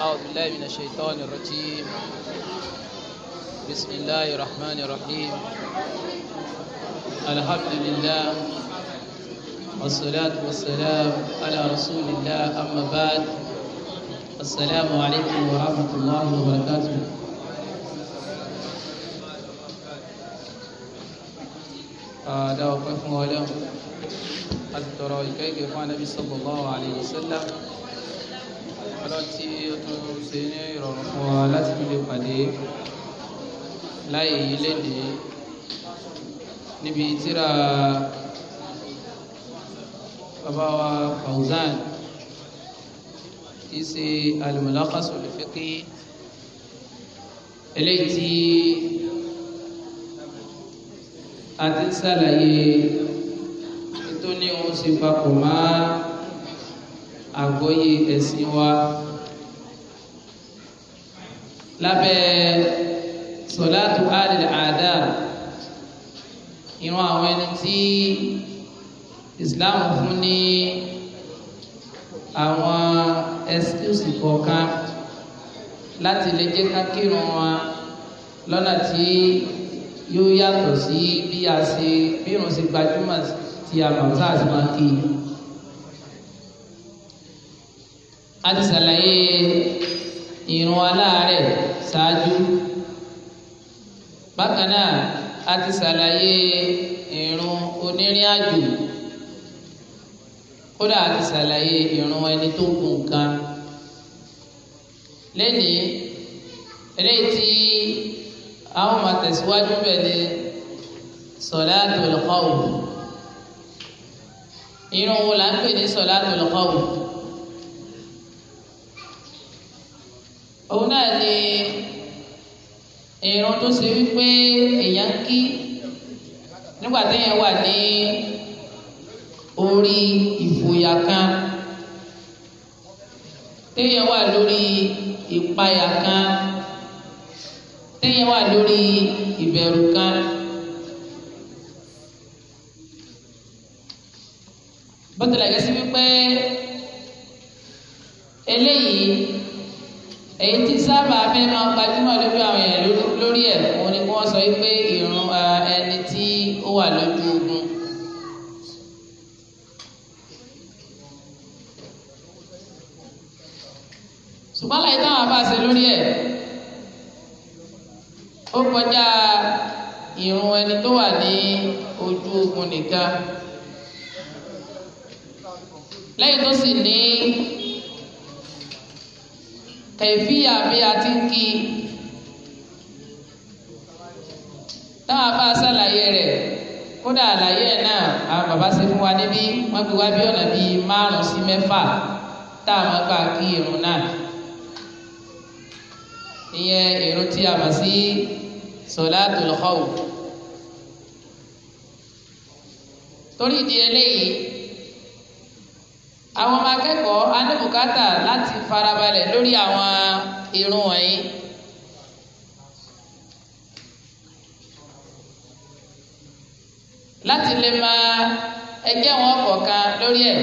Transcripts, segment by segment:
أعوذ بالله من الشيطان الرجيم بسم الله الرحمن الرحيم الحمد لله والصلاة والسلام على رسول الله أما بعد السلام عليكم ورحمة الله وبركاته هذا آه، وقف مولانا الترايكي فعن النبي صلى الله عليه وسلم ọlọ́run tí ó tún ṣe ní ìrọ̀rùn fún wa láti fi lè pàdé láyé yìí lénìí níbi tíra bàbá wa Fawzan tí ṣe al-Mulakhas al-Fiqhi eléyìí tí a ti ń ṣàlàyé tó ní òun ṣe papọ̀ máa àgbọ́yé ẹ̀sìn wa lábẹ́ sọ̀láàtù àdìl àdá ìran àwọn ẹni tí Islam fún ní àwọn ẹsíkúsì kọ̀ọ̀kan láti lè jẹ́ ká kírun wa lọ́nà tí yóò yàtọ̀ sí bí a ṣe bí irun ṣe gbajúmọ̀ tí a tá a ti máa kí i. a ti ṣàlàyé ìrun aláàárẹ̀ ṣáájú bákan náà a ti ṣàlàyé ìrun onírìn àjò kódà a ti ṣàlàyé ìrun ẹni tó gùn kan lẹ́nìí eléyìí tí àwọn máa tẹ̀síwájú bẹ̀ ni sọ̀láàtò lọ́kọ̀ọ̀wù ìrun wo là ń pè ní sọ̀láàtò lọ́kọ̀ọ̀wù. òun náà ni ìrun tó ṣe wípé èèyàn kí nígbà téèyàn wà ní orí ìfòyà kan téèyàn wà lórí ìpayà kan téèyàn wà lórí ìbẹ̀rù kan. bó tilẹ̀ gẹ́sí wípé eléyìí èyí tí sábà fẹ́ máa gbajúmọ̀ lójú àwọn èèyàn lórí ẹ̀ òun ni wọ́n sọ pé ìrun ẹni tí ó wà lójú ogun. ṣùgbọ́n láyé táwọn abáṣe lórí ẹ̀ ó kọjá ìrun ẹni tó wà ní ojú ogun nìkan lẹ́yìn tó sì ní ẹ̀fíyà bí a ti ń kí i táwọn afá ṣàlàyé rẹ̀ kódà àlàyé ẹ̀ náà àwọn bàbá ṣe fún wa níbí wọ́n gbé wá bí ọ̀nà bíi márùn-ún sí mẹ́fà tá a máa gbà kí irun náà ìyẹn irun tí a mọ̀ sí solatul khawf torí ìdí eléyìí àwọn ọmọ akẹ́kọ̀ọ́ a ní bùkátà láti farabalẹ̀ lórí àwọn irun wọ̀nyí. láti lè máa ẹgbẹ́ wọn kọ̀ọ̀kan lórí ẹ̀.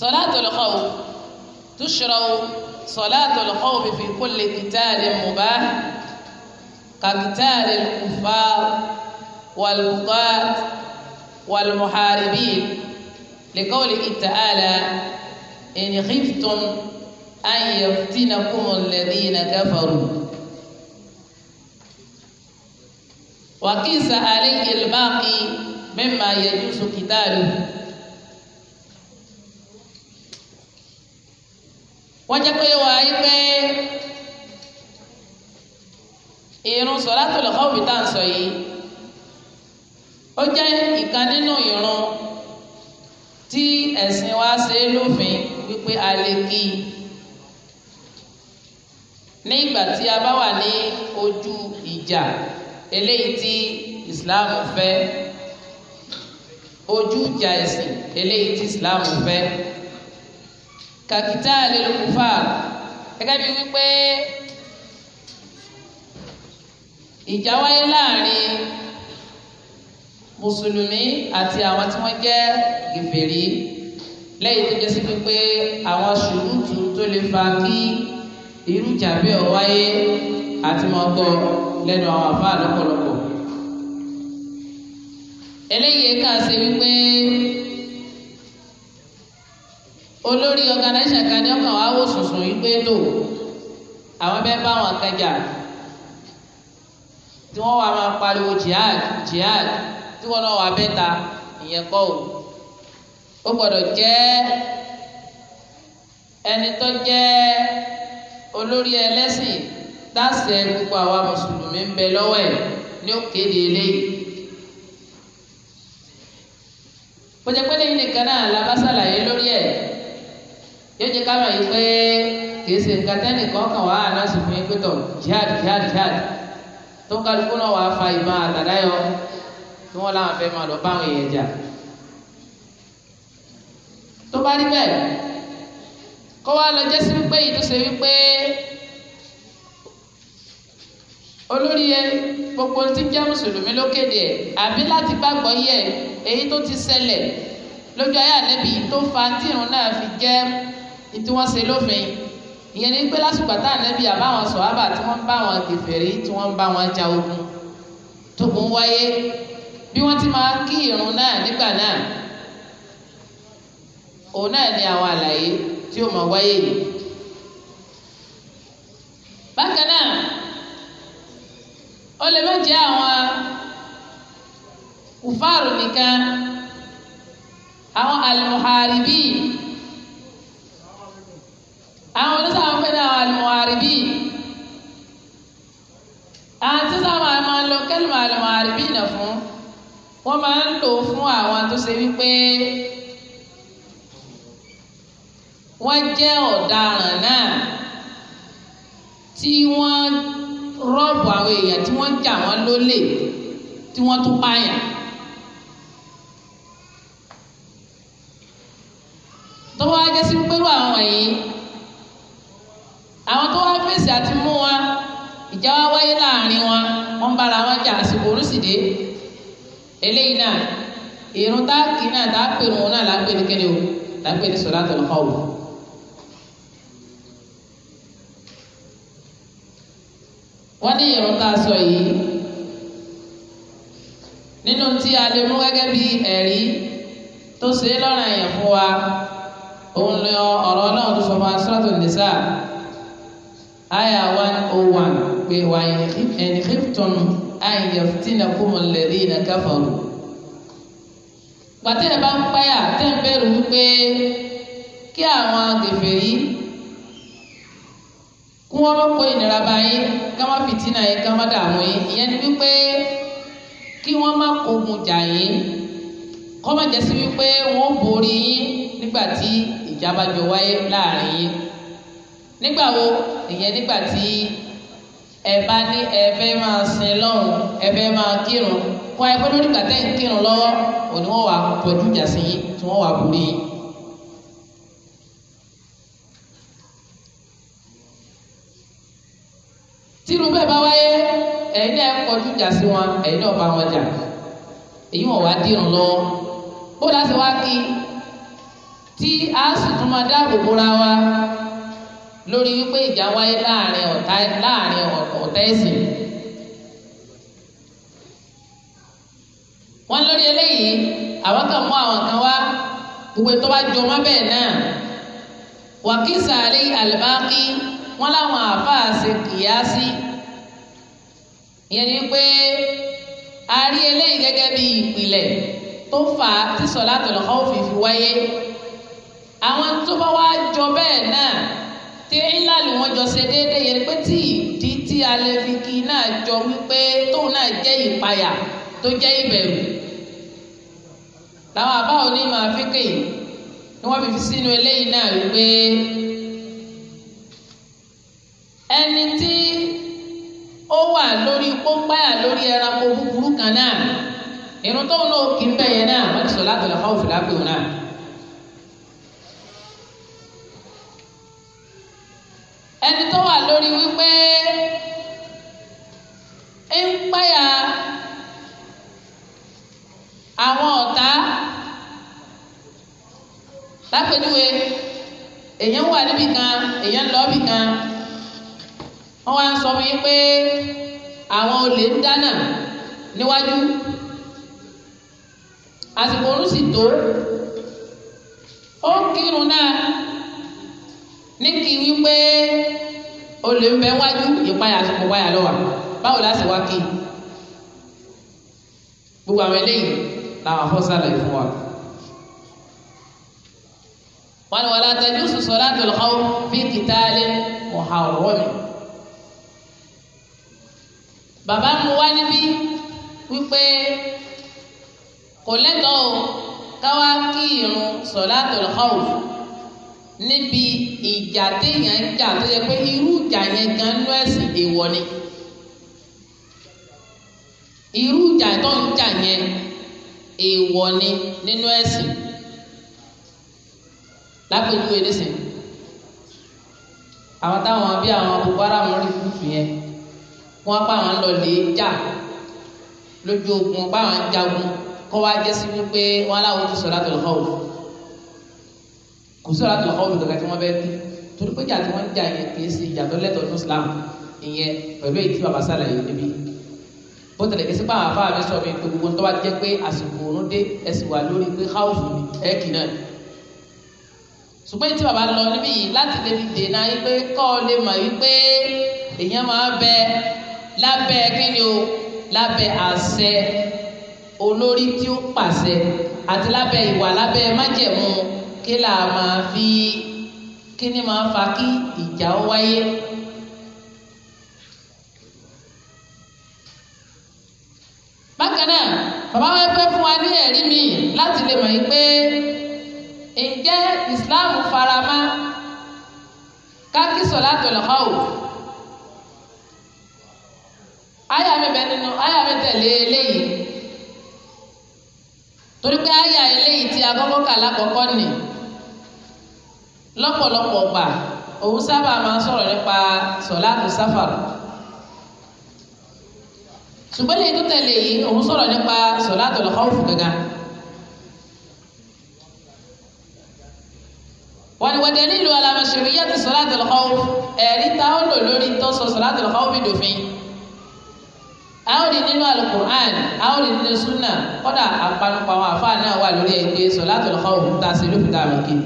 Salatul khawf tushra'u salatul khawf fi kulli qitalin mubah ka qitalil kuffar wal-bughat. والمحاربين لقوله تعالى إن خفتم أن يفتنكم الذين كفروا وقيس عليه الباقي مما يجوز قتاله wọ́n jẹ́ pé wàá yí pé ó jẹ́ ìkan nínú ìrun tí ẹ̀sìn wa ṣe lófin wípé a lè kí i ní ìgbà tí a bá wà ní ojú ìjà eléyìí tí Islam fẹ́ ojú ìjà ẹ̀sìn eléyìí tí Islam fẹ́ kàkítà lè lókùfà gẹ́gẹ́ bí wípé ìjà wáyé láàrin mùsùlùmí àti àwọn tí wọ́n jẹ́ gèfèrí lẹ́yìn tó jẹ́ sí pé àwọn ṣùrùtù tó lè fa kí irú ìjà bẹ́ẹ̀ ó wáyé àti máa gbọ́ lẹ́nu àwọn àfáà lọ́pọ̀lọpọ̀. eléyìí kà ṣe wípé olórí organisation kan ní ọkàn wa wò sùnsùn yìí lò àwọn bẹ́ẹ̀ bá wọn kan tí wọ́n wá máa pariwo jihad jihad tí wọ́n náà wà bẹ́ẹ̀ ta ìyẹn kọ́ o ó gbọ́dọ̀ jẹ́ ẹni tó jẹ́ olórí ẹlẹ́sìn dáṣẹ gbogbo àwa mùsùlùmí ń bẹ lọ́wọ́ ẹ̀ ní òkèèrè eléyìí. pọ̀jẹ́pẹ́lẹ́ yìí nìkan náà la bá ṣàlàyé lórí ẹ̀ yóò jẹ́ ká mọ̀ yìí pé kìí ṣe nǹkan tẹ́nìkan kan wà á náà fún yín pé tọ̀ jihad jihad jihad tó kálukú náà wà á fa ìbọn àtàdáyọ tí wọ́n láwọn fẹ́ máa lọ báwọn èèyàn jà tó bá rí bẹ́ẹ̀ kó wá lọ jẹ́ sí wípé yìí tó ṣe wípé olórí yẹ gbogbo tí jẹ́ mùsùlùmí ló kéde ẹ̀ àbí láti gbàgbọ́ yẹ èyí tó ti ṣẹlẹ̀ lójú ayé ànẹ́bí tó fa tírun náà fi jẹ́ tí wọ́n ṣe lófin ìyẹn ni pé lásìkò àtà ànẹ́bí àbáwọn sọ̀hábà tí wọ́n ń bá wọn kèfèrí tí wọ́n bá wọn ja ogun tó kún wáyé bí wọ́n ti máa kí irun náà nígbà náà òun náà ni àwọn àlàyé tí ó máa wáyé yìí. bákan náà ó lè má jẹ́ àwọn kùfáàrù nìkan àwọn alimuharibi àwọn oníṣẹ́ àwọn pẹ̀lú àwọn alimuharibi àwọn tí sábà máa ń lọ kẹ́lùmọ̀ alimuharibi náà fún wọ́n máa ń lò fún àwọn tó ṣe wípé wọ́n jẹ́ ọ̀daràn náà tí wọ́n rọ́ọ̀bù àwọn èèyàn tí wọ́n jà wọ́n lólè tí wọ́n tún pààyàn. tọ́wọ́ á jẹ́ sí pẹ̀lú àwọn wọ̀nyí àwọn tó wá fèsì àti mú wọn ìjà wá wáyé láàrin wọn wọ́n bára wọn jà àsìkò orúsìdé eléyìí náà irun tá a kì í náà tá a pè wọn náà là á pè ní kíni o là á pè ní solatul khawf. wọ́n ní irun tá a sọ yìí nínú tí a lè mú gẹ́gẹ́ bí ẹ̀rí tó ṣe é lọ́ràn yẹn fún wa òun lọ ọ̀rọ̀ náà tó sọ fún asúrátù nìsá àyà one oh one pé wàyí ẹnì kíftọ́nù an yaftinakum alladhina kafaru. gbàtẹ́ ẹ̀ bá ń páyà tẹ́ ń bẹ̀rù wípé kí àwọn kèfèrí kí wọ́n bá kó ìnira bá yín ká má fìtínà yín ká má dààmú yín ìyẹn ni wípé kí wọ́n má kógun jà yín kó má jẹ́ sí wípé wọ́n borí yín nígbà tí ìjà bá jọ wáyé láàrin yín nígbà wo ìyẹn nígbà tí ẹ bá ní ma sin lọ́run ẹ fẹ́ máa ẹgbẹ́ lórí kàtẹ́ ń kírun lọ́wọ́ òní wọ́n wà pẹ̀lú sí tí wọ́n wà borí yín. bá wáyé náà wọn náà bá wọn jà èyí wọn wá wá kí tí a sì dáàbò lórí wípé ìjà wáyé láàrin ọ̀tá láàrin ọ̀tá ẹ̀sìn. wọ́n lórí eléyìí àwọn kan mú àwọn kan wá ìwé tó bá jọ mọ́ bẹ́ẹ̀ náà wàkísà àlẹ́ àlùbáàkì wọ́n láwọn àáfàá ṣe kìyàsí ìyẹn ni pé a rí eléyìí gẹ́gẹ́ bí ìpìlẹ̀ tó fà á tí sọ̀lá tọ̀lọ́kọ́ òfin fi wáyé àwọn tó bá wá jọ bẹ́ẹ̀ náà tí ńlá lù wọ́n jọ ṣe déédéé yẹn pé tí ìdí tí alẹ́ fi kí náà jọ wípé tóun náà jẹ́ ìpayà tó jẹ́ ìbẹ̀rù làwọn àbá òní máa fi kè ni wọ́n fi fi sínú eléyìí náà wípé ẹni tí ó wà lórí pópáyà lórí ẹranko búburú kan náà irun tóun náà kì í bẹ̀yẹ náà wọ́n ti sọ látọ̀lẹ̀ fáwọn fìlà pé òun náà. ẹni tó wà lórí wípé ń páyà àwọn ọ̀tá lápẹjúwe èèyàn wà níbì kan èèyàn ń lọ bì kan wọ́n wá ń sọ fún yín pé àwọn olè ń dáná níwájú àsìkò orun sì tó ó ń kírun náà ní kí wípé olè ń bẹ wájú ìpayà àsìkò wáyà lọ́wọ́ báwo la sì wá kí gbogbo àwọn eléyìí làwọn afọ́sálẹ̀ fún wa. wọn ni wọn la tẹjú sọsọ láti lọ́kọ́ fi kìtàlẹ mọ̀hàwọ́mì. bàbá mu wá níbí wípé kò lẹ́tọ̀ọ́ káwá kí irun sọ̀ láti lọ́kọ́ níbi ìjà téèyàn ń jà tó yẹ pé irú ìjà yẹn gan nú ẹ̀sìn èèwọ̀ ni irú ìjà tó ń jà yẹn èèwọ̀ ni nínú ẹ̀sìn lápèjúwe nísìn àwọn táwọn bí àwọn Boko Haram rí kùtù yẹn wọn pa àwọn lọ lè jà lójú ogun pa àwọn jagun kọ́ wa jẹ́ sí wípé wọn aláwo ti sọ̀rọ̀ àtọ̀lọ́kọ́ wò. kò sí ọ̀làtò ọ̀rùn kankan tí wọ́n bẹ́ẹ̀ kí torí pé ìjà tí wọ́n ń jà yẹn kì í ṣe ìjà tó lẹ́tọ̀ọ́ ní Islam ìyẹn pẹ̀lú èyí tí bàbá sàlàyé níbí bó tilẹ̀ kẹsí pàmò àfa mi sọ mi pé gbogbo tó bá jẹ́ pé àsìkò òun dé ẹ̀sìn wà lórí pé háùsù mi ẹ̀ kì náà ṣùgbọ́n tí bàbá lọ níbí yìí láti lè fi dènà yìí pé kọ́ ọ lè mọ̀ yìí pé èèyàn máa bẹ lábẹ́ kíni o lábẹ́ àṣẹ olórí tí ó pàṣẹ àti lábẹ́ ìwà lábẹ́ májẹ̀mú kí là máa fi kí ni máa fa kí ìjà ó wáyé. bákan náà bàbá wa fẹ́ fún wa ní ẹ̀rí mi láti lè mọ̀ yí pé ǹjẹ́ Islam faramá kákí solatul khawf àyà mi bẹ nínú àyà mi tẹ̀lé eléyìí torí pé àyà eléyìí tí a kọ́kọ́ kà lákọ̀ọ́kọ́ nìyí lọ́pọ̀lọpọ̀ gbà òun sábà máa ń sọ̀rọ̀ nípa sọ̀láàtù sáfàrù ṣùgbọ́n lè tó tẹ̀lé yìí òun sọ̀rọ̀ nípa sọ̀láàtù lọ́kọ́ọ̀fù gangan. wàlúwàdí nílùú alamọ̀ṣẹ̀rí yàtọ̀ sọ̀láàtù lọ́kọ́ọ̀fù ẹ̀rí táwọn lò lórí tó sọ sọ̀láàtù lọ́kọ́ọ̀fù dòfin. àwọn òdì nínú alukur'an àwọn òdì nínú sunna kọ́dà àpanupọ̀ àwọn àfáà náà wà lórí ẹgbẹ́ sọ̀láàtù lọ́kọ́ọ̀fù tá a ṣe lófin tá a mọ̀ kí.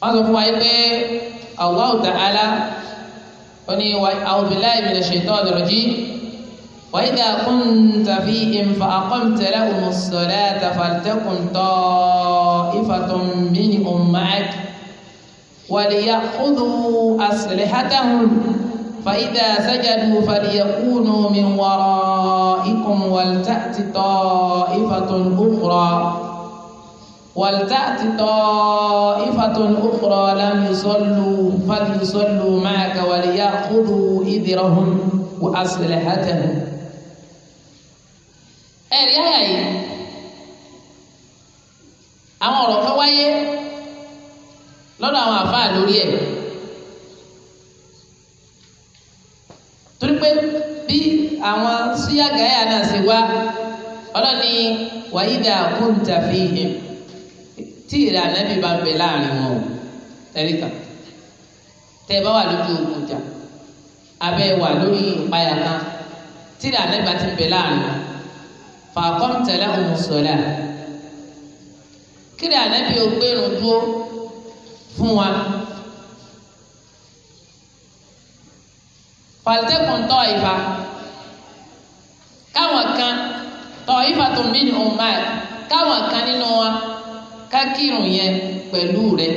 wọ́n sọ fún wa yìí pé Allahu ta'ala ó ní a'udhu billahi minash shaitanir rajim wa idha kunta fihim fa aqamta lahumus salata faltakun ta'ifatun minhum ma'ak وليأخذوا أسلحتهم فإذا سجدوا فليكونوا من ورائكم ولتأت طائفة أخرى ولتأت طائفة أخرى لم يصلوا فليصلوا معك وليأخذوا إذرهم وأسلحتهم ẹ̀rí àyà yìí àwọn ọ̀rọ̀ kan wáyé lọ́dọ̀ àwọn àfáà lórí ẹ̀ torí pé bí àwọn síyàgà ẹ̀yà náà ṣe wá ọlọ́ni wàyídà kúntàfihìn tí ìrẹ̀ ànábì bá ń bẹ láàrin wọn o tẹríkà tẹ ẹ bá wà lójú ogun jà abẹ wà lórí ìpayà kan tí ìrẹ̀ ànábì bá ti ń bẹ láàrin wọn fàákọ́m tẹ̀lé ohun sọ̀lá kí ìrẹ̀ ànábì ó gbérun dúró fún wa. fàlítẹ́kùn tọ́ ìfà káwọn kan tọ́ ìfà tó ń bí ní ọmọ ẹ̀ káwọn kan nínú wa. kákìrùn yẹn pẹ̀lú rẹ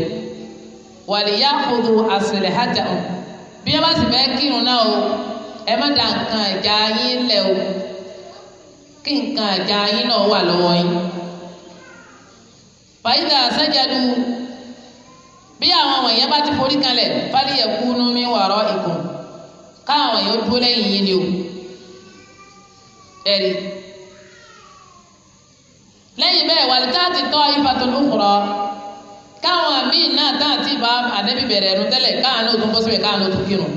wàlíyá kodo àṣẹlẹ̀ hájà o bí ẹ bá sì fẹ́ kírun náà o ẹ má da nǹkan ẹ̀já yín lẹ̀ o kí nǹkan ẹ̀já yín náà wà lọ́wọ́ yín fàyídà sẹ́jàdù bí àwọn wọ̀nyẹn bá ti forí kalẹ̀ mi wàrọ̀ ìkùn káwọn yóò dúró lẹ́yìn yín ni o lẹ́yìn bẹ́ẹ̀ wà lítàtì tọ́ ifá tó ló kọ̀rọ̀ káwọn míì náà táà tí bá ànẹ́bí bẹ̀rẹ̀ ẹ̀rù tẹ́lẹ̀ káàánú tó ń bọ́ síbẹ̀ káàánú tó kírun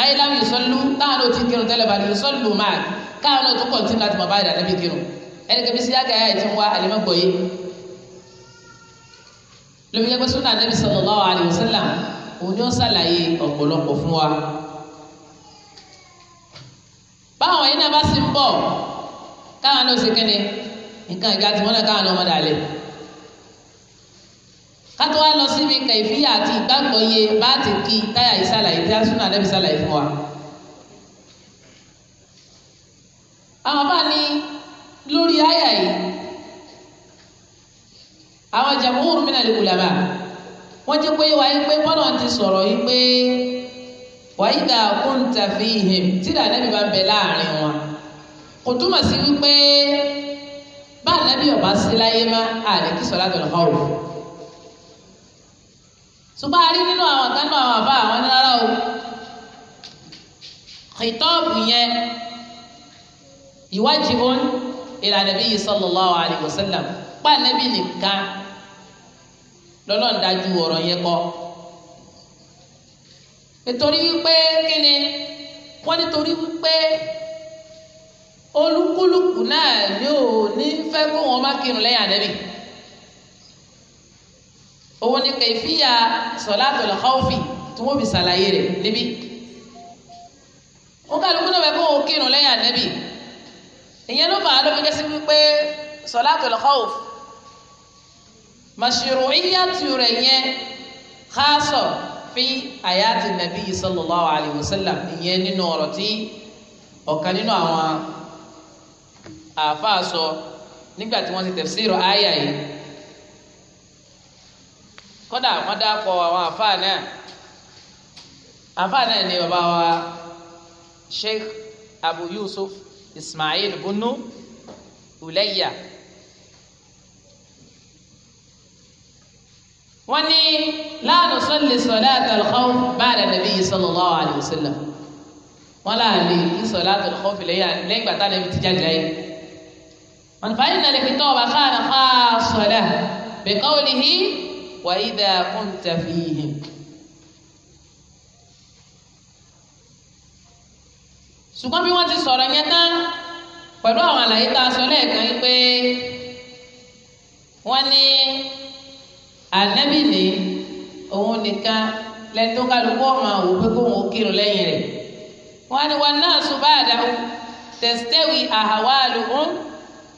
ayélujára yìí sọ́lú káàánú tó kírun tẹ́lẹ̀ bá kírun sọ́lú máa káàánú tó kọ̀ tí láti bàbá ànẹ́bí kírun ẹni kẹ́mi sí yága yáa ti ń wá àlẹ́mọ̀gbọ̀ yìí lóbi jẹ́ pé náà bá sì ń bọ̀ káàánú ó nǹkan ìgbà tí wọ́n náà káwọn ọmọ dàlẹ́ kátó wá lọ síbi kẹfíyà àti ìgbàgbọ́ yẹ bá kí táyà yìí ṣàlàyé tí asúnà àdẹ́bí ṣàlàyé fún wa. àwọn bá ní lórí àyà yìí àwọn jamhur min al-ulama wọ́n jẹ́ pé wáyé pé bọ́lá ti sọ̀rọ̀ yìí pé wáyé dà kunta fihim tí dàdẹ́bí bá bẹ láàrin wọn kò túmọ̀ sí wípé bá ànábì ọba sí láyé má àlè kí sọlá tó lọ hàn o ṣùgbọ́n a rí nínú àwọn kan nínú àwọn àbá àwọn rárá o kìtọ́ọ̀bù yẹn ìwádìí òun ìlànà bí yìí sallallahu alaihi wasallam pa ànábì nìkan lọ́lọ́run ọ̀rọ̀ yẹn kọ́ nítorí wípé kíni wọ́n nítorí wípé olúkúlùkù náà yóò ní fẹ́ kó wọn má kírun lẹ́yìn ànábì òun ni kẹfíà sọlátul khawfi tí wọ́n fi ṣàlàyé rẹ̀ níbí wọn kálukú náà fẹ́ kó wọn kírun lẹ́yìn ànábì ìyẹn ló fàá ló fi jẹ́sí wípé sọlátul khawf mashru'iyyatu rẹ̀ yẹn khaso fi àyàtì nàbí sallallahu alayhi wa sallam ìyẹn nínú ọ̀rọ̀ tí ọ̀kan nínú àwọn àáfàá sọ nígbà tí wọ́n ti tafsiru àyà yìí kódà wọ́n dákọ̀ àwọn àáfàá náà àáfàá náà ni bàbá wa Sheikh Abu Yusuf Ismail bunu Ulayya. wọ́n ní la nusalli salatal khawf ba'da nabi sallallahu alayhi wọ́n láàrin sọ̀lá àtàlùkọ́ fìlẹ̀ yà lẹ́yìn gbàtà lẹ́yìn tí فإن الخطاب كان خاصا له بقوله وإذا كنت فيهم ṣùgbọ́n bí wọ́n ti sọ̀rọ̀ yẹn tán pẹ̀lú àwọn àlàyé tá a sọ lẹ́ẹ̀kan yìí pé wọ́n ní ànábì òun nìkan lẹ́ni tó kálukú ọ̀mà òun pé kóun ó kírun lẹ́yìn rẹ̀ wọ́n ní wọn náà sùn bá àdáhùn tẹ̀sítẹ́wì àhàwá àlùkùn.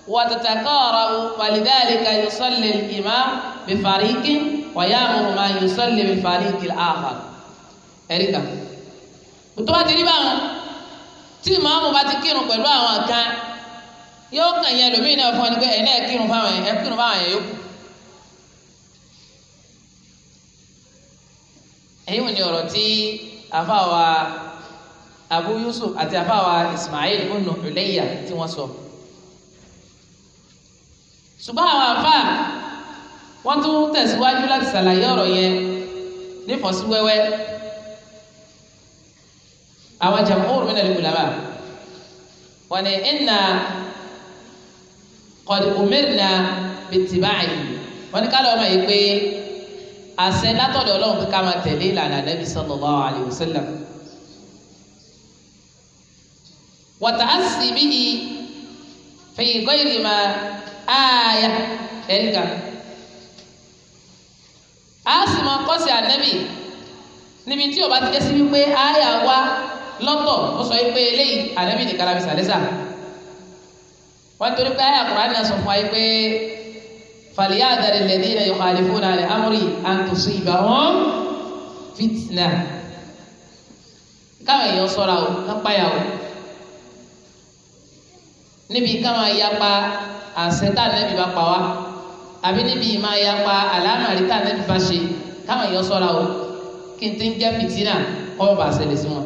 وتتقارب ولذلك يصلي الإمام بفريق ويأمر من يصلي بالفريق الآخر ẹ̀ríkà tó bá ti rí báwọn tí ìmáàmù bá ti kírun pẹ̀lú àwọn kan yóò kàn yẹn lómìnira fún ọ ní pé ẹ̀ná ẹ̀ wò ni ọ̀rọ̀ tí àfáwa Abu Yusuf àti àfáwa Ismail ibn Ulayya tí wọ́n sọ. So ṣùgbọ́n àwọn àfáà wọ́n tún tẹ̀síwájú láti ṣàlàyé ọ̀rọ̀ yẹn nífọ̀síwẹ́wẹ́ àwọn jamhur min al-ulama wọ́n ní inna qad umirna bittiba'ihi wọ́n ní kálọ̀ ọmọ yìí pé àṣẹ látọ̀dọ̀ ọlọ́run kíkà máa tẹ̀lé ìlànà Nabi sallallahu alayhi wa sallam wa ta'assi bihi fi ghayri ma aya ẹnìkà a sì máa kọ́ sí ànẹ́bì níbi tí o bá ti jẹ́ sí wípé aya wa lọ́tọ̀ ó sọ wípé eléyìí ànẹ́bì ní kalabi sàlẹ́sà wọ́n torí pé aya Kùránì náà sọ fún wa pé falyadari alladhina yukhalifuna an amri an tusibahum fitna káwọn èèyàn sọ́ra o kápáyà o níbi káwọn yapa àṣẹ tá nẹ́bí bá pa wá àbí níbi ìmọ̀ yapa àlámàrí tá nẹ́bí bá ṣe káwọn èèyàn sọ́ra o kí n ti ń jẹ́ fìtínà kọ́ bá ṣẹlẹ̀ sí wọn.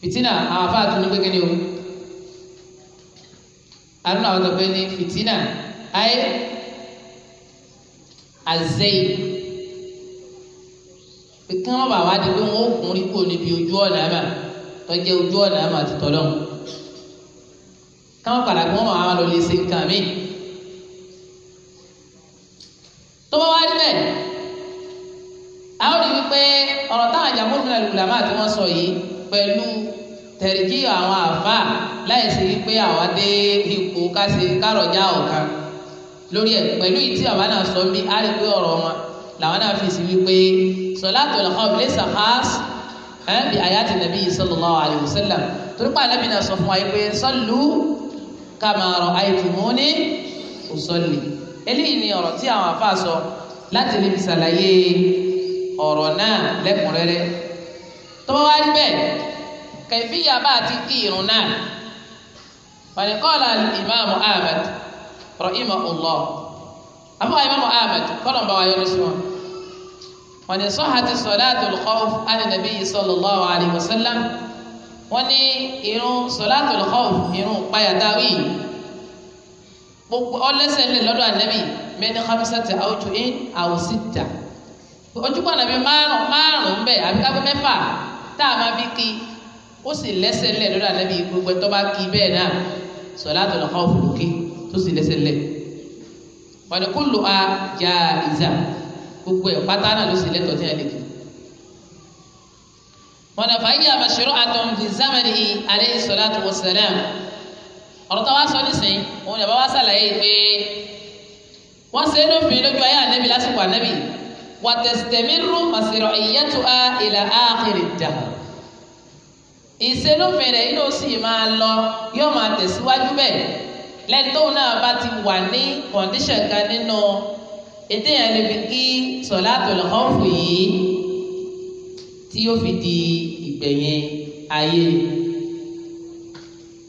fìtínà àwọn afá àtúndú pé kíni o àdúrà àwọn tó pé ní fìtínà ayé àzẹ́yì pé kí bá wá di pé wọ́n ó kún rí kò níbi ojú ọ̀nà náà tọ́jẹ́ ojú ọ̀nà àmà àti tọ́lọ́ káwọn padà kí wọ́n máa lọ lè ṣe nǹkan mi. tó bá wá rí bẹ́ẹ̀ a ó rí wípé ọ̀rọ̀ táwọn àjàmọ́ ìfúnra ìlú làmá àti wọ́n sọ yìí pẹ̀lú tẹ̀ríkì àwọn àáfàá láì sí wípé àwa dé ipò káṣe kárọ̀já ọ̀kan lórí ẹ̀ pẹ̀lú ìtí àwa náà sọ bí a rí pé ọ̀rọ̀ wọn làwọn náà fi sí wípé sọlá tó lọ́kọ́ ọ̀bìlẹ̀ sàkáàsì bi ayati nabi sallallahu alayhi wa sallam torí pé anabi náà sọ fún wa yìí pé sallu kama ra'aytumuni usalli eléyìí ni ọ̀rọ̀ tí àwọn afa sọ láti lè fi ṣàlàyé ọ̀rọ̀ náà lẹ́kùnrẹ́rẹ́ tọ́wọ́ wá rí bẹ́ẹ̀ kẹfíyà bá ti kí irun náà fàlẹ́kọ́lá ìmáàmù ahmed rahimahullah àbúrò ìmáàmù ahmed kọ́nà bá wa yọ lọ wọ́n ní sọ́hàtì sọ́láàtù lọ́kọ́f ánìnàbí sallallahu alayhi wa sallam wọ́n صلاة الخوف sọ́láàtù lọ́kọ́f irun payàdáwì gbogbo ọlẹ́sẹ̀ ńlẹ̀ lọ́dọ̀ ànábì mẹ́ni hamsati awutu in awusita ojúbọ ànábì márùn márùn ń bẹ àbí kábí mẹ́fà tá a máa fi kí ó sì lẹ́sẹ̀ ńlẹ̀ lọ́dọ̀ ànábì gbogbo ẹ̀tọ́ bá kí bẹ́ẹ̀ náà sọ́láàtù lọ́kọ́f lókè tó sì lẹ́sẹ̀ ńlẹ̀ wọ́n ní kúlù a jaiza gbogbo ẹ̀ pátá náà ló sì lẹ́tọ̀ọ́ tí a lè kí. wọn àfa yíyá àmàṣírò àtọ̀m fi zámẹ́rì alayhi salatu wa salam ọ̀rọ̀ tó wá sọ nísìnyí òun yàrá wá sàlàyé pé wọ́n ṣe é lófin lójú ayé ànábì lásìkò ànábì wà tẹ̀sítẹ̀mírú màṣírò ìyẹ́tù á ìlà áàkiri dà ìṣelófin rẹ̀ yóò sì máa lọ yóò máa tẹ̀síwájú bẹ́ẹ̀ lẹ́tọ́ náà bá ti wà ní kọ̀ǹdíṣàn kan nínú. No ètè yẹn lè fi kí sọ̀látùl khawfu yìí tí yóò fi di ìgbẹ̀yìn ayé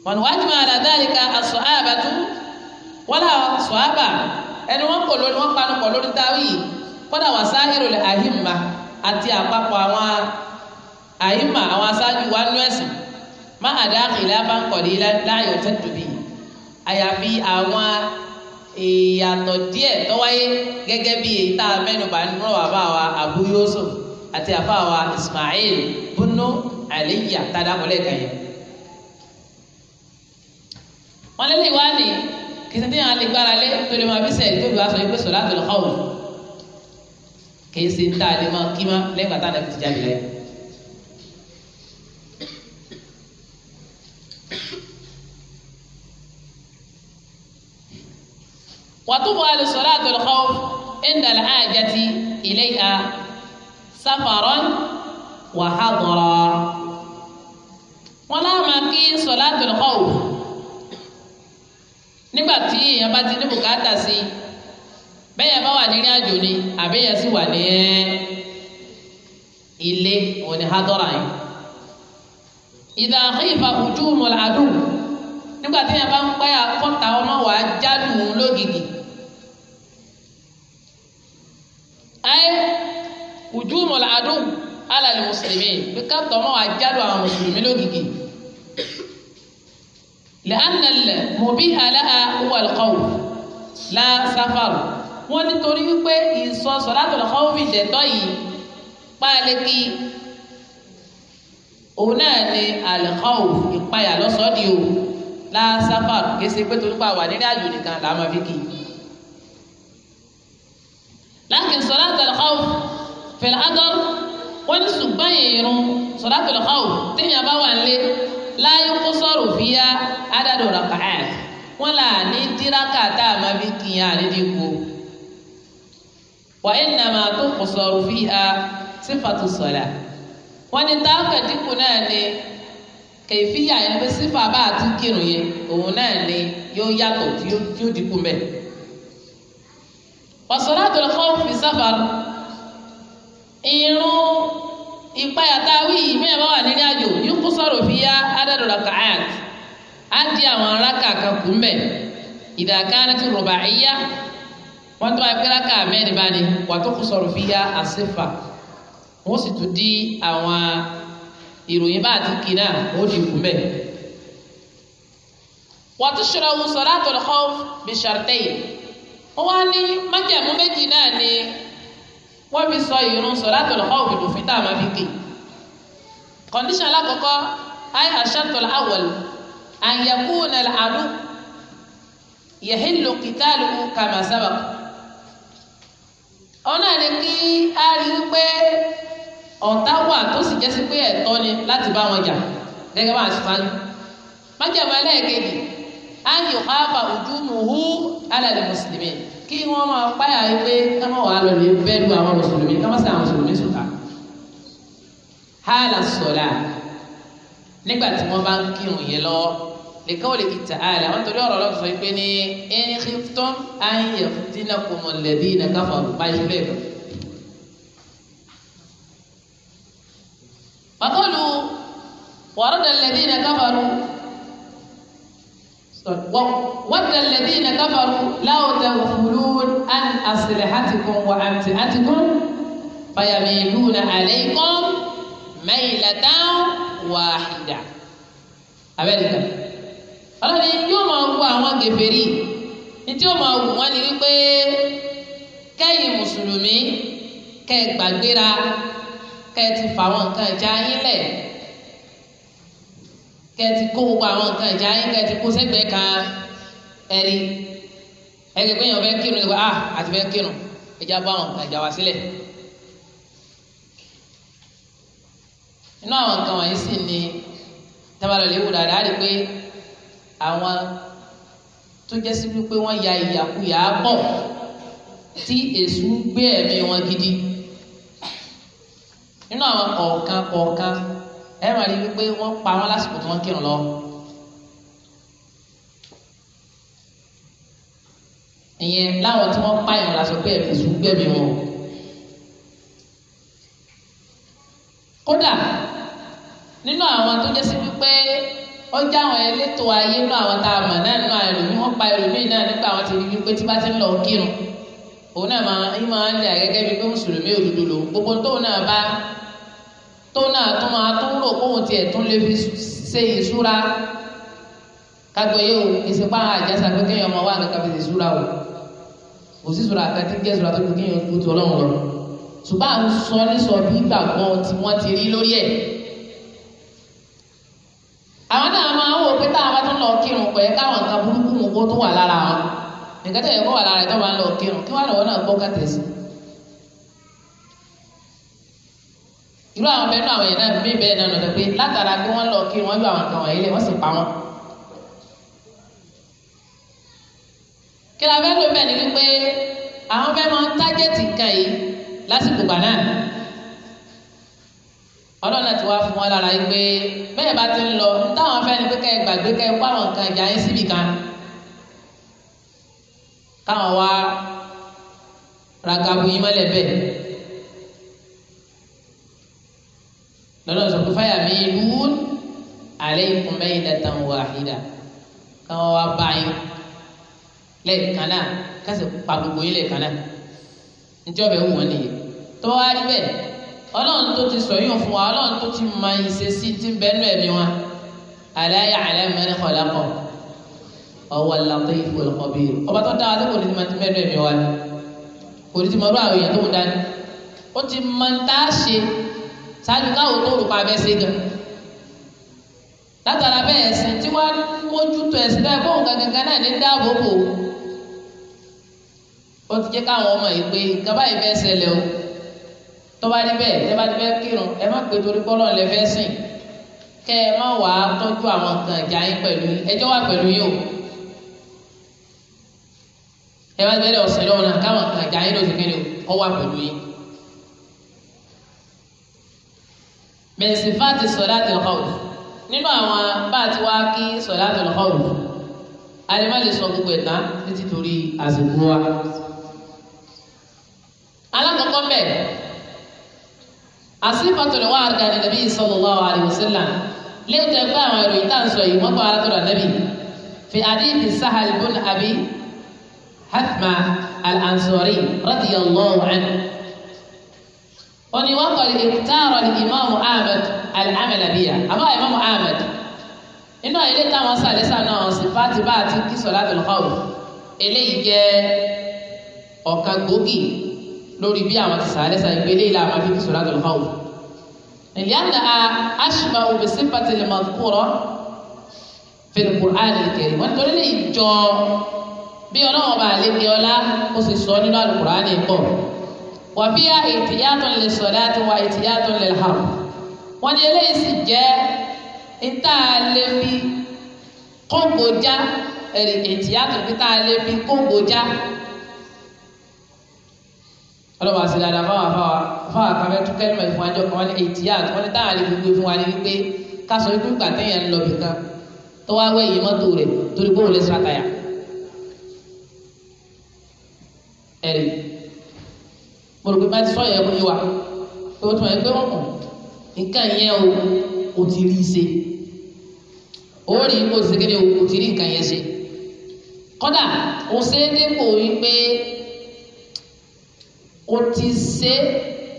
wọn wájú máa rà dhalika as-sahabatu wala sọ̀hábà ẹni wọ́n kò lórí wọ́n panu pọ̀ lórí táwí kódà wà sahirul a'imma àti àpapọ̀ àwọn a'imma àwọn aṣáájú wa nú ẹ̀sìn má àdá kìlá bá ń kọ̀ ní láyọ̀ tẹ́tù bíi àyàfi àwọn yatɔdiɛ tɔwaye gɛgebietamenu ban wabawa abu yosuf atiafawa ismail bun ala tadakɔlekai maleiwai kesetialigbarale tlemavise kedwsɔbe solatlkum kesentadma kma lebatanebtzal وتبغى لصلاة الخوف عند الحاجة إليها سفرا وحضرا ولا مكي صلاة الخوف nígbàtí èèyàn bá ti ní bùkátà sí i bẹ́ẹ̀ bá wà nírìn àjò ni àbẹ́yẹ sì wà ní ilé òun ni yìí. ìdá khifa hujumul adu nígbàtí èèyàn bá ń pẹ́ àkọ́ta ọmọ wàá jálù lógìgì. ayé ojú mọ̀lá adùn alàlẹ́ mùsùlùmí bí káàtọ̀ mọ́ àjálù àwọn mùsùlùmí lógìkì lẹ́hánàlẹ̀ mọ̀bí aláha wàlkọ́wù la sáfàrù wọ́n nítorí wípé ìsọ sọ̀dátọ̀lọ̀ kọ́wùfì dẹ̀tọ́ yìí páálẹ́kì òun náà ni àlẹ́kọ́wù ìpayà lọ́sọ̀ọ́ di o la sáfàrù kì ṣe pé torípa wà nílẹ̀ àjò nìkan làá fi kì í lakin salatul khawf fil adar wọ́n ní ṣùgbọ́n ìrun salatul khawf téèyàn bá wà lé láyé kó sọ̀rọ̀ fìyà adadu raka'at wọ́n là ní díraka tá a máa fi kìyàn àdídìgbò wa innama tuqsaru fiha sífàtú sọ̀là wọ́n ní táwọn kẹ̀dínkù náà ni kẹ̀fíyà yẹn pé sífà bá a ti kírun yẹn òun náà ni yóò yàtọ̀ tí yóò dínkù mẹ́ẹ̀ wàsọ̀rọ̀ àtọ̀lọ́kọ́ fi sáfàr irun ìpayà táwí mẹ́ẹ̀mọ́ wà nínú àjò yóò kó sọ̀rọ̀ fi yá adádọ̀rọ̀ kàáyàt á di àwọn aráka kan kú mbẹ̀ ìdàkárẹ́ ti rọ̀bà ìyá wọ́n tó apẹ́ráka mẹ́rin bá ní wà tó kó sọ̀rọ̀ fi yá àṣefà wọ́n di àwọn ìròyìn bá àti kì náà di kú mbẹ̀. wà tó ṣọra wù ó wá ní májẹ̀mú méjì náà ni wọ́n fi sọ ìrun solatul khawfi òfin tá a máa fi kè kọ́ndíṣàn alákọ̀ọ́kọ́ ayé àṣàtọ̀ awwal an yakuna al-adu yahillu qitaluhu kama sabaq ọ̀nà ni kí a rí wípé ọ̀tá wà tó sì jẹ́ sí pé ẹ̀tọ́ ni láti bá wọn jà gẹ́gẹ́ bá a ṣe fájú májẹ̀mú ẹlẹ́ẹ̀kejì an yóò ha pa ojú nuhu alẹ́ mùsùlùmí kí wọ́n máa páyà wípé ká má wàá lọ lè bẹ́ẹ̀ lu àwọn mùsùlùmí ká má sàn àwọn mùsùlùmí sùkà. hàlà sọ̀lá nígbà tí wọ́n bá ń kírun yẹn lọ nìkan lè kìtà àlẹ́ àwọn torí ọ̀rọ̀ lọ́sọ̀ yìí pé ní ẹni kíntàn ayé fúdínà kò mọ̀ iná káfà báyìí bẹ́ẹ̀ lọ. wàkọ́lù wàrọ̀dà lẹ́bí iná káfà ود الذين كفروا لو تغفلون عن أسلحتكم وأمتعتكم فيميلون عليكم ميلة واحدة abẹ́rẹ́ta ọlọ́ni yóò máa wọ àwọn kèfèrí ní tí yóò máa wù wọ́n ni wípé kẹ́yìn mùsùlùmí kẹ́ gbàgbéra kẹ́ ti fà wọn nǹkan ìjà yín lẹ̀ kẹ́ẹ̀tì kó gbogbo àwọn nǹkan ìjà yín kẹ́ẹ̀tì kó sẹ́gbẹ̀ẹ́ kan ẹ̀rí ẹ̀rí pé èèyàn fẹ́ kírun ẹ̀gbẹ́ ah àti fẹ́ kírun ẹ̀já bá àwọn nǹkan ìjà wá sílẹ̀. inú àwọn nǹkan wọ̀nyí sì ni tábàlọ̀ lè wò dáadáa rí pé àwọn tó jẹ́ sí wípé wọ́n ya ìyàkuyà bọ̀ tí èṣù gbé ẹ̀mí wọn gidi nínú àwọn kọ̀ọ̀kan kọ̀ọ̀kan ẹ máa rí wípé wọ́n pa wọ́n lásìkò tí wọ́n kírun lọ. ìyẹn láwọn tí wọ́n pààyàn la sọ pé ẹ̀fẹ̀ sùn gbẹ̀mí wọn. kódà nínú àwọn tó jẹ́ sí wípé wọ́n já àwọn elétò ayé nínú àwọn tá a mọ̀ náà nínú àwọn ẹlòmíì wọ́n pa ẹlòmíì náà nípa àwọn ti rí wípé tí bá ti ń lọ kírun òun náà máa ń máa ń lè àgẹ́gẹ́ bíi pé mùsùlùmí òdodo lòun gbogbo tóun náà bá tóun náà tó máa tó tiẹ̀ tún lè fi ṣe ìṣúra kágbọ́ yóò ìsìnkú àwọn àjẹsà pé kéèyàn ọmọ wa nǹkan fi ṣe ìṣúra o kò sí ìṣúra kan tí ń jẹ́ ìṣúra tó fi kéèyàn tó ti ọlọ́run lọ ṣùgbọ́n àwọn sọ nísọ bí ìgbàgbọ́ tí wọ́n ti rí lórí ẹ̀ àwọn náà máa ń wò pé táwọn bá tún lọ kírun pẹ̀ káwọn nǹkan burúkú mú kó tó wà lára wọn nǹkan tẹ̀yẹ kó wà lára ẹ̀ tó wà lọ kírun kí wọ́n lọ́wọ́ náà gbọ́ irú àwọn bẹ́ẹ̀ náà àwọn yẹn náà mí bẹ́ẹ̀ náà lọ́dẹ pé látara pé wọ́n lọ kí wọ́n yọ àwọn kan wọ̀nyí lẹ̀ wọ́n sì pa wọ́n. kí la fẹ́ ló bẹ́ẹ̀ ni wípé àwọn fẹ́ máa ń tágẹ́tì kan yìí lásìkò gbà náà ọlọ́run ti wá fún wọn lára yìí pé bẹ́ẹ̀ bá ti ń lọ táwọn fẹ́ pé kẹ́ ẹ gbàgbé kẹ́ ẹ kó àwọn nǹkan ìjà yín síbì kan káwọn wá ragabu yín mọ́lẹ̀ bẹ́ẹ̀. lọ́dọ̀ sọ pé fáyà mi lùún àlẹ́ ikùn mẹ́yìn dàtàn wà àhídà káwọn wá bá yín lẹ́ẹ̀kan náà kásì pa gbogbo yín lẹ́ẹ̀kan náà njẹ́ ọbẹ̀ wù wọ́n nìyí tó wá rí bẹ́ẹ̀ ọlọ́run tó ti sọ yín fún wa ọlọ́run tó ti mọ ìṣesí tí ń bẹ́ẹ̀ ẹ̀mí wa àlàyé àlẹ́ mẹ́rin kọ̀ọ̀lá kọ̀ ọwọ́ làtọ́ ìfowópamọ́ bí ọba tó dáa tó kò ti máa ẹ̀mí wa ni kò ní ti mọ tó ń dání ó ti mọ ń tá a ṣe ṣáájú káwọn tó rò pa abẹ́ ṣe gan látara bẹ́ẹ̀ ẹ̀sìn tí wọ́n mójú tó ẹ̀sìn bẹ́ẹ̀ bóun gangan náà ní dáàbò bò ó ti jẹ́ káwọn ọmọ yìí pé nǹkan báyìí fẹ́ ṣẹlẹ̀ o tó bá rí bẹ́ẹ̀ tẹ́ bá ti fẹ́ kírun ẹ má pé torí bọ́lọ̀ lẹ fẹ́ sìn kẹ́ ẹ má wàá tọ́jú àwọn nǹkan ìjà yín pẹ̀lú ẹjọ́ wà pẹ̀lú yín o ẹ bá ti fẹ́ lọ sẹ́lẹ̀ ọ̀nà káwọn nǹkan ìjà yín ló ti kéde o ọ wà pẹ̀lú yín. min sifati sọ̀láàtì khawf nínú àwọn bá a ti wá kí sọ̀láàtì khawf alẹ́ má lè sọ gbogbo ẹ̀ tán títí torí àsìkò wa. alákọ̀ọ́kọ́ bẹ́ẹ̀ asifatul warda ni nabi sallallahu alayhi wa sallam léèjẹ pé àwọn èrò ìta ń sọ yìí wọ́n kọ́ alátọ̀rọ̀ nabi fi hadithi sahal bun abi hathma al-ansori radiyallahu anhu oni wakọli ìtàrọ ni imaamu ahmed al-amalabiya àbá imaamu ahmed inú ilé táwọn sàlẹ́sà náà sì fati bá àti kí solatul khawf eléyìí jẹ́ ọ̀kan gbòógì lórí bí àwọn ti sàlẹ́sà ìgbé eléyìí làwọn fi kí solatul khawf. ìlíànà a ashba bi sifati al-madhkura fil Qur'an al-karim wọn torí lè jọ bí ọlọ́wọ́n bá lè di ọlá ó sì sọ nínú al wàbíyá ìtìyàtọ̀ lè sọ̀dá tó wà ìtìyàtọ̀ lè hà wọ́n ní eléyìí sì jẹ́ ìta lè fi kóńgò já ẹ̀rì ìtìyàtọ̀ fi ta lè fi kóńgò já ọlọ́wọ́ àti dáadáa fáwọn afáwa fáwọn àkàfẹ́ tún kẹ́lí mọ̀ ìfún àjọ kan wọ́n ní ìtìyàtọ̀ wọ́n ní táwọn àlè gbogbo fún wa ní wípé ká sọ wípé ìgbà téèyàn ń lọ bìkan tó wá wẹ̀ yìí mọ́tò rẹ̀ torí bóun lè sàtàyà ẹ̀rì mo rò pé máa ti sọ yẹn kó yé wa pé o tún wáyé pé ọ̀hún nǹkan yẹn o o ti rí i ṣe o rí i kó o ṣe kéde o o ti rí nǹkan yẹn ṣe kódà o ṣe é dépò yìí pé o ti ṣe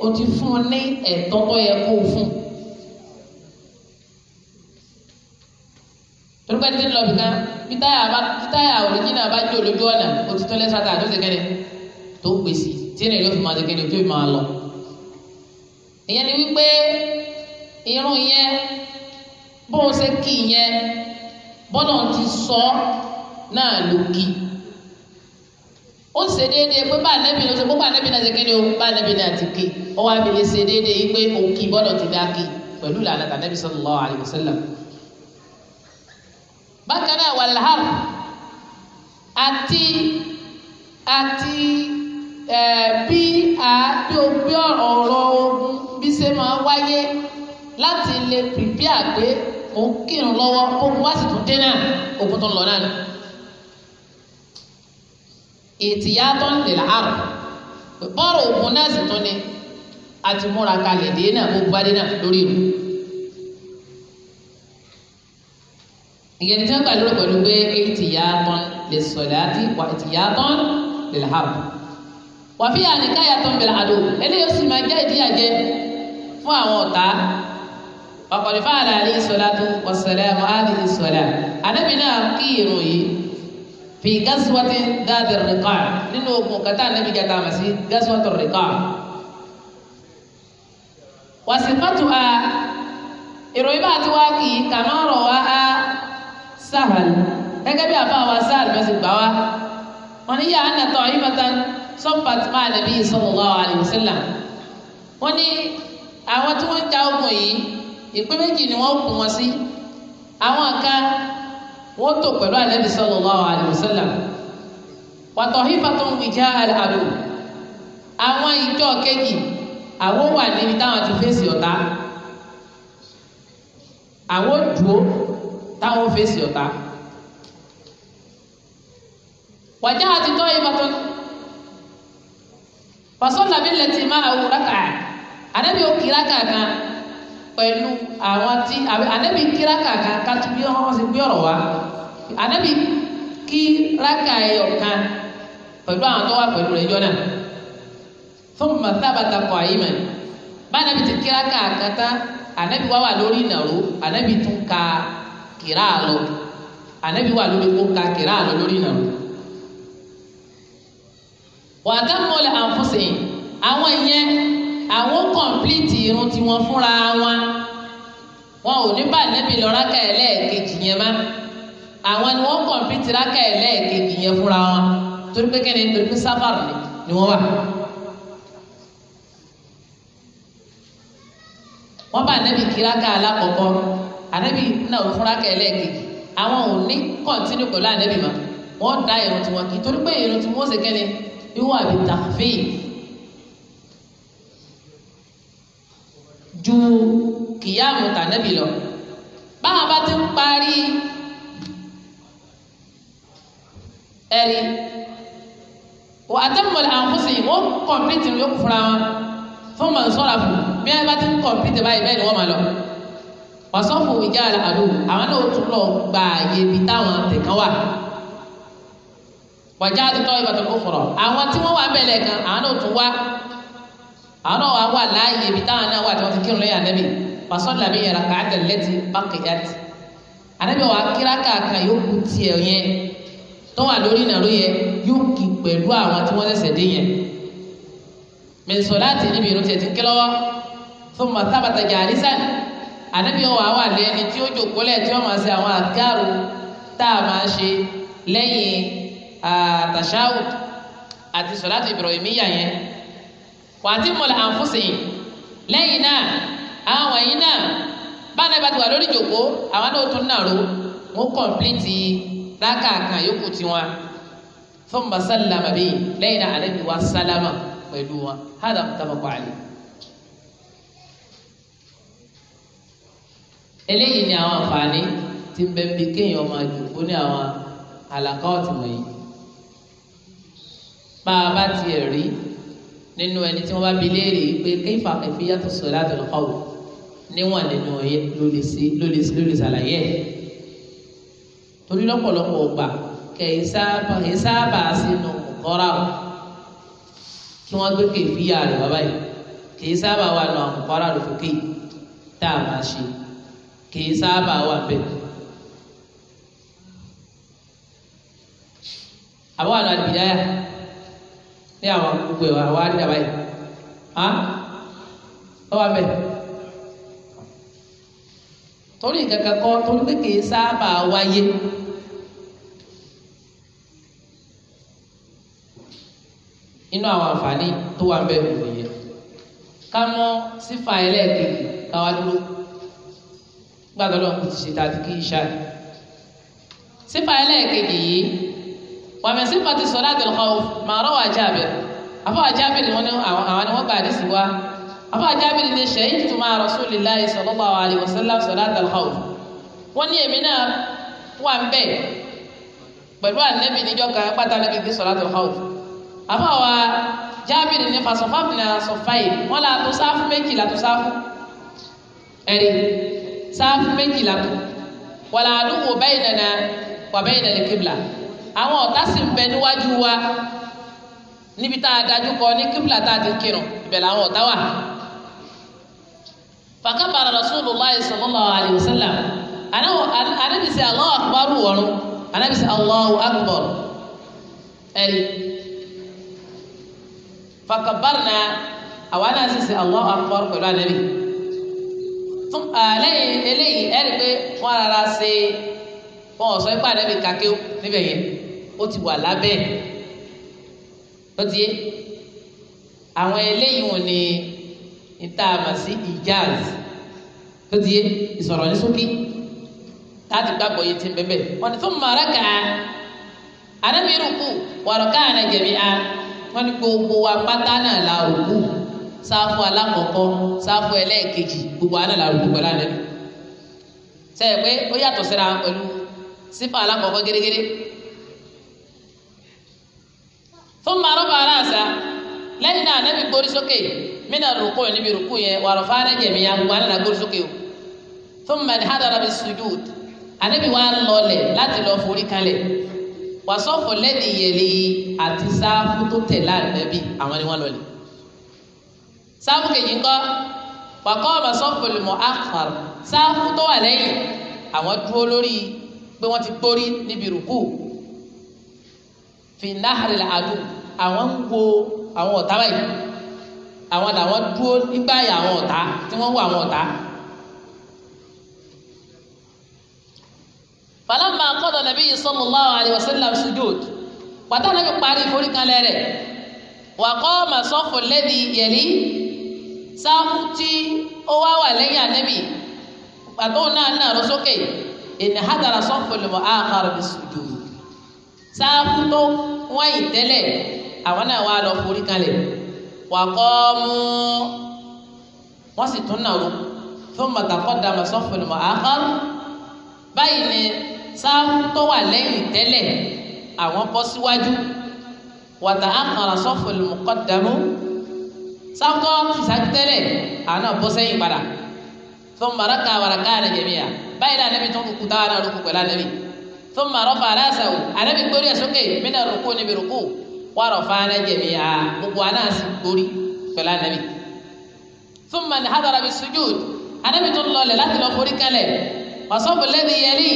o ti fún un ní ẹ̀tọ́ tó yẹ kó o fún un. ti ń lọ bìkan bí táyà òrìjìnà bá jó lójú ọ̀nà o ti tó lẹ́sàtà tó ṣe kéde tó ń gbèsè tí ènìyàn yóò fi máa dégédé tó fi máa lọ. ìyẹn ni wípé irun yẹn bóun ṣe kí yẹn bọ́dọ̀ ti sọ náà ló kí ó ṣe déédéé pé bá ànábì ló ṣe pé bá ànábì náà ṣe kí ni o bá ànábì náà ti kí ó wá fi lè ṣe déédéé yìí pé òun kí bọ́dọ̀ ti dá kí pẹ̀lú ìlànà tànábì sallallahu alaihi wasallam. bákan náà wàlhàr àti àti bí a bí o gbé ọ̀rọ̀ ogun bí ṣe máa wáyé láti lè pìpíà pé mò ń kírun lọ́wọ́ ogun wá sì tún dé náà ogun tó ń lọ náà ni. ètìyá tó ń lè láàrùn bọ́ọ̀rọ̀ ogun náà sì tún ni àti múra kalẹ̀ dé náà gbogbo adé náà lórí ìlú. ìyẹn tí wọ́n gbà lórí pẹ̀lú pé ètìyá tó ń lè sọ̀dá àti ìtìyá tó ń lè láàrùn wàfi àníká yàtọ̀ nbẹ̀rẹ̀ àdó eléyìí ó sì máa jẹ́ ìdíyàjẹ fún àwọn ọ̀tá ọ̀kọ̀lẹ́fà àlàyé ìsọ̀látò ọ̀sẹ̀lẹ̀mù àdì ìsọ̀lá ànábì náà kí irun yìí fi gásíwátì dáadé rìkọ́ nínú ogun kẹta ànábì jata àmà sí gásíwátì rìkọ́ wàsífàtù a ìròyìn bá ti wá kì í kàmá ọ̀rọ̀ wa á sáhàl gẹ́gẹ́ bí àbá wa sáhàl mẹ́sì gbà wá wọn ni yà á ayé sọ́fàtì máa lè bí sallallahu alaihi wasallam wọ́n ní àwọn tí wọ́n ń ja ogun yìí ìpín méjì ni wọ́n kún wọn sí àwọn kan wọ́n tò pẹ̀lú àlẹ́bí sallallahu alaihi wasallam wàtọ̀ hífàtọ̀ ń wìjà àlù àwọn ìjọ kejì àwọn wà níbi táwọn ti fèsì ọ̀tá àwọn dùó táwọn fèsì ọ̀tá wàjà àti ìbátan faso nabi lẹti máa wù rákà anabi ó kira kankan pẹ̀lú àwọn tí anabi kira kankan kátó bí wọn ṣe gbé ọ̀rọ̀ wa anabi kíráka ẹyọkan pẹ̀lú àwọn tó wà pẹ̀lú rẹ̀ jọ́nà fún mọ̀sábàtà kọ̀ àyímọ̀ bá anabi ti kíráka àkàtà anabi wá wà lórí ìnàró anabi tún ka kìrá lọ anabi wà lórí kó ka kìrá lọ lórí ìnàró wàdà mọ́lẹ̀ àǹfọ̀sẹ̀ àwọn ìyẹn àwọn kọ̀ǹpìlìtì irun tiwọn fúnra wọn wọn ò ní bá nẹ́bí lọ rákà ẹ̀ lẹ́ẹ̀kejì yẹn má àwọn ni wọ́n kọ̀ǹpìlìtì rákà ẹ̀ lẹ́ẹ̀kejì yẹn fúnra wọn torí pé kẹ́ni torí pé sáfàrà ni wọ́n wà. wọ́n bá nẹ́bí kí rákà alákọ̀ọ́kọ́ ànẹ́bí náà fún rákà ẹ̀ lẹ́ẹ̀kejì àwọn ò ní kọ̀ǹtínú pẹ̀lú ànẹ́bí mọ́ wọ́n da irun tiwọn kì torí pé irun tiwọn ó ṣe kẹ́ni níwọ̀n àbí tàfíì ju kìyàmù tànẹ́bì lọ báwa bá ti ń parí ẹ̀rí wò àtẹ́mọ̀lẹ̀ àǹfọ̀sìn wọ́n kọ̀m̀pìtì yókù fúnra wọn fún mọ̀nsọ́ra fún bí wọ́n bá ti ń kọ̀m̀pìtì báyìí bẹ́ẹ̀ ni wọ́n máa lọ wàsọ́fù ìjà àdó àwọn náà tún lọ gba àyè ibi táwọn tẹ̀kán wà wàjá àtúntò ìbàdàn kò fọ̀rọ̀ àwọn tí wọ́n wà bẹ̀lẹ̀ kan àwọn náà tún wá àwọn náà wà wà láàyè ibi táwọn náà wà tí wọ́n ti kírun lẹ́yìn ànábì pàṣọ làbí yàrá káàtà lẹ́tì bákẹ́yàtì ànábì wà kíra kàkà yóò kú tiẹ̀ yẹn tó wà lórí ìnàró yẹn yóò kì pẹ̀lú àwọn tí wọ́n ṣẹ̀ṣẹ̀ dé yẹn mẹsàn láti níbi irun tiẹ̀ ti ń kí lọ́wọ́ fún màtábàtà jàrísàn ànábì wà wà lẹ́ni tí ó jòkó lẹ̀ tí wọ́n máa ṣe àwọn àgárò tá a máa ṣe lẹ́yìn tashahud àti sọláàtì ibrahimiya yẹn wà á ti mọ̀lá àǹfọ̀sẹ̀ yìí lẹ́yìn náà àwọn ẹ̀yìn náà báwọn ẹ̀bá ti wà lórí ìjòkó àwọn náà tún náà ro wọn kọ̀m̀plìtì rákàkàn yòókù tiwọn fún masallama bíi lẹ́yìn náà alẹ́ bí wà sálámà pẹ̀lú wọn hádà mùtàbàkọ àlè. eléyìí ni àwọn àǹfààní tí ń bẹ bí kéèyàn máa jòkó ní àwọn àlàkà ọ̀tún wọ̀nyí bá a bá tiẹ̀ rí nínú ẹni tí wọ́n bá bi léèrè pé kéfà kẹfì yàtọ̀ sọ̀rọ̀ àtọ̀lọ́ ọ̀wọ̀ níwọ̀n nínú ọ̀yẹ́ ló lè sí ló lè sí ló lè ṣàlàyé ẹ̀ torí lọ́pọ̀lọpọ̀ ọgbà kẹ̀yìn sábà kẹ̀yìn sábà sínú kọ́ra o kí wọ́n gbé kéfì rẹ̀ bàbá yìí kẹ̀yìn sábà wà nù àkọ́ra rẹ̀ fòkè tá a máa ṣe kẹ̀yìn sábà wà bẹ́ẹ̀. àwọn àlọ́ àdìyá yà ní àwọn gbogbo ìwà wa ní àbáyé ha ọ wà bẹ torí kankan kọ torí pé kìí sábà wáyé inú àwọn àǹfààní tó wà ń bẹ nìyẹn ká mọ sífà ẹlẹ́ẹ̀kejì káwá dúró gbàdúrà kò ti ṣe tàbí kí iṣẹ́ sífà ẹlẹ́ẹ̀kejì yìí wàmí sífàtì salatil khawf màá rọwà jábìr afọwà jábìr ni wọn ni àwọn ni wọn gbà ní sìwá afọwà jábìr ni shahidu ma'a rasulillahi sallallahu alaihi wasallam salatil khawf wọn ní èmi náà wà ń bẹ pẹ̀lú ànẹ́bì níjọ́ kan pátá níbi kí salatil khawf afọwà jábìr ni fasọfàfìnà sọfàyè wọn là tó sáfù méjì là tó sáfù ẹ̀rí sáfù méjì là tó wàlà àdúgbò bẹ́ẹ̀ nana wà bẹ́ẹ̀ nana kébìlà àwọn ọ̀tá sì ń bẹ níwájú wa níbi tá a dájú kọ ní kíbla tá a ti kírun ibẹ̀ làwọn ọ̀tá wà. fàkàbàrà rasulullah sallallahu alayhi wa sallam anábìsí Allahu akbar wọ̀run anábìsí Allahu akbar ẹ̀rí fàkàbàrà àwọn anábìsí Allahu akbar pẹ̀lú anábì fún lẹ́yìn eléyìí ẹ̀rí pé wọ́n rárá ṣe wọ́n sọ ipá anábì kàkéw níbẹ̀ yẹn ó ti wà lábẹ́ ó ti yé àwọn eléyìí wọn ni níta àmà sí ìjáàz ó ti yé ìsọ̀rọ̀ ní sókè láti gbàgbọ́ yìí ti ń bẹ́bẹ̀ wọn ni fún màrákà anábìrúkú wàrúkà ànàjẹ̀mí a wọn ni gbogbo wa pátá náà la òkú sáfù alákọ̀ọ́kọ́ sáfù ẹlẹ́ẹ̀kejì gbogbo wa náà la òkú pẹ̀lú àná sẹ́yìn pé ó yàtọ̀ síra pẹ̀lú sífà alákọ̀ọ́kọ́ gẹ́gẹ́rẹ́ thumma rafa ra'sa lẹ́yìn náà nẹ́bí gbórí sókè mina rúkú níbi rúkú yẹn wà rọ̀fà nẹ́jẹ̀ mi yá gbogbo àná gbórí sókè o thumma hadara bi sujud ànẹ́bí wa ń lọlẹ̀ láti lọ forí kalẹ̀ wàsọ́fọ̀ lẹ́ni ìyẹ̀lẹ̀ àti sáfù tó tẹ̀ láàrẹ̀bí àwọn ni wọ́n lọlẹ̀ sáfù kejì ńkọ́ wàkọ́ wàsọ́fọ̀ lùmọ̀ àkàr sáfù tó wà lẹ́yìn àwọn dúró lórí pé wọ́n ti gbórí níbi rúkú finahari la adu àwọn ń wo àwọn ọ̀tá báyìí àwọn làwọn dúró nígbà yà àwọn ọ̀tá tí wọ́n ń wo àwọn ọ̀tá. falamma qada nabiyyu sallallahu alaihi wasallam sujud pàtà nàbí parí ìforíkanlẹ̀ rẹ̀ wa qama sọ́fù lẹ́bi yẹ̀rí sáfù tí ó wá wà lẹ́yìn ànẹ́bì pàtó náà náà lọ sókè ìnìhádàrà sọ́fù lẹ́mọ̀ àkàrà sujud sáfù tó wáyìn tẹ́lẹ̀ àwọn náà wá lọ forí kalẹ̀ wà kọ́ mú wọ́n sì tún náà fún mọ̀tàkọ́ dàmọ̀ sọ́fún mọ̀ àkọ́rù báyìí ni sáfù tó wà lẹ́yìn tẹ́lẹ̀ àwọn bọ́ síwájú wàtà àkàrà sọ́fún mọ̀ kọ́ sáfù tó ṣáájú tẹ́lẹ̀ àwọn náà bọ́ sẹ́yìn padà fún mọ̀ràkà wàràkà àlẹ́ jẹ̀míyà báyìí náà lẹ́bi tó kúkú táwọn náà ló kúkú pẹ̀lú àlẹ́bi thumma rafa'a ra'sahu ànábì gbórí ẹ̀ sókè mina rúkú níbi rúkú wa rafa'na jami'a gbogbo àná sì gbórí pẹ̀lú ànábì thumma hadara bi sujud ànábì tó lọlẹ̀ láti lọ forí kalẹ̀ ọ̀sọ́bù lẹ́bi yẹlí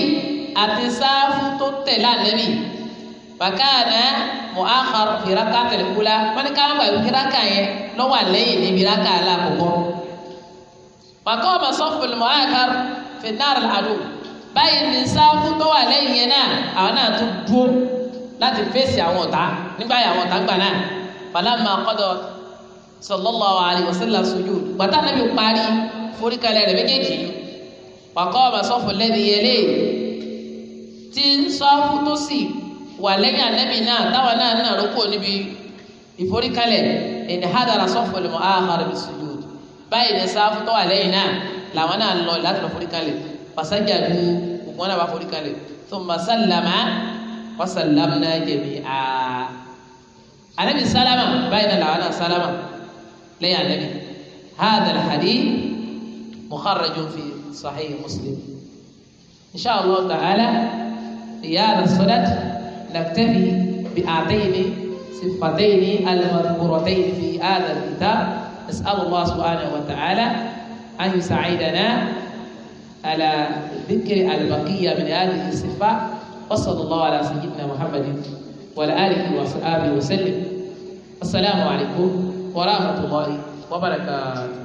àti sáfù tó tẹ̀lé ànábì bàkàna mu'akhkhar fi rak'atil ula wọ́n ní káwọn gbà fi rákà yẹn lọ́wọ́ àlẹ́yìn níbi rákà alákọ̀ọ́kọ́ bàkọ́ ọmọ sọ́fù mu'akhkhar fi nar al-adu báyìí ní sáfù tó wà lẹ́yìn yẹn náà àwọn náà tún dúró láti fèsì àwọn ọ̀tá nígbà yà àwọn ọ̀tá gbà náà falamma qada sallallahu alaihi wasallam sujud gbàtà nàbí parí foríkalẹ̀ rẹ̀ méjèèjì waqama sọ́fù lẹ́ni yẹlé tí sáfù tó sì wà lẹ́yìn ànábì náà táwọn náà náà rúkú níbi ìforíkalẹ̀ ẹni hádàrà sọ́fù lè mọ́ àhàrà bí sujud báyìí ní sáfù tó wà lẹ́yìn náà làwọn náà lọ láti lọ foríkalẹ̀ fasajadu gbogbo wọn náà bá forí kalẹ̀ thumma sallama wa sallamna jami'a anabi sálámà báyìí náà làwọn náà sálámà lẹ́yìn anabi hadha al-hadith mukharrajun fi sahih muslim insha allah ta'ala iyada salat naktafi bi atayni صفتين المذكورتين في هذا الكتاب نسأل الله سبحانه وتعالى أن يساعدنا على ذكر البقية من هذه الصفات وصلى الله على سيدنا محمد وعلى آله وصحبه وسلم السلام عليكم ورحمة الله وبركاته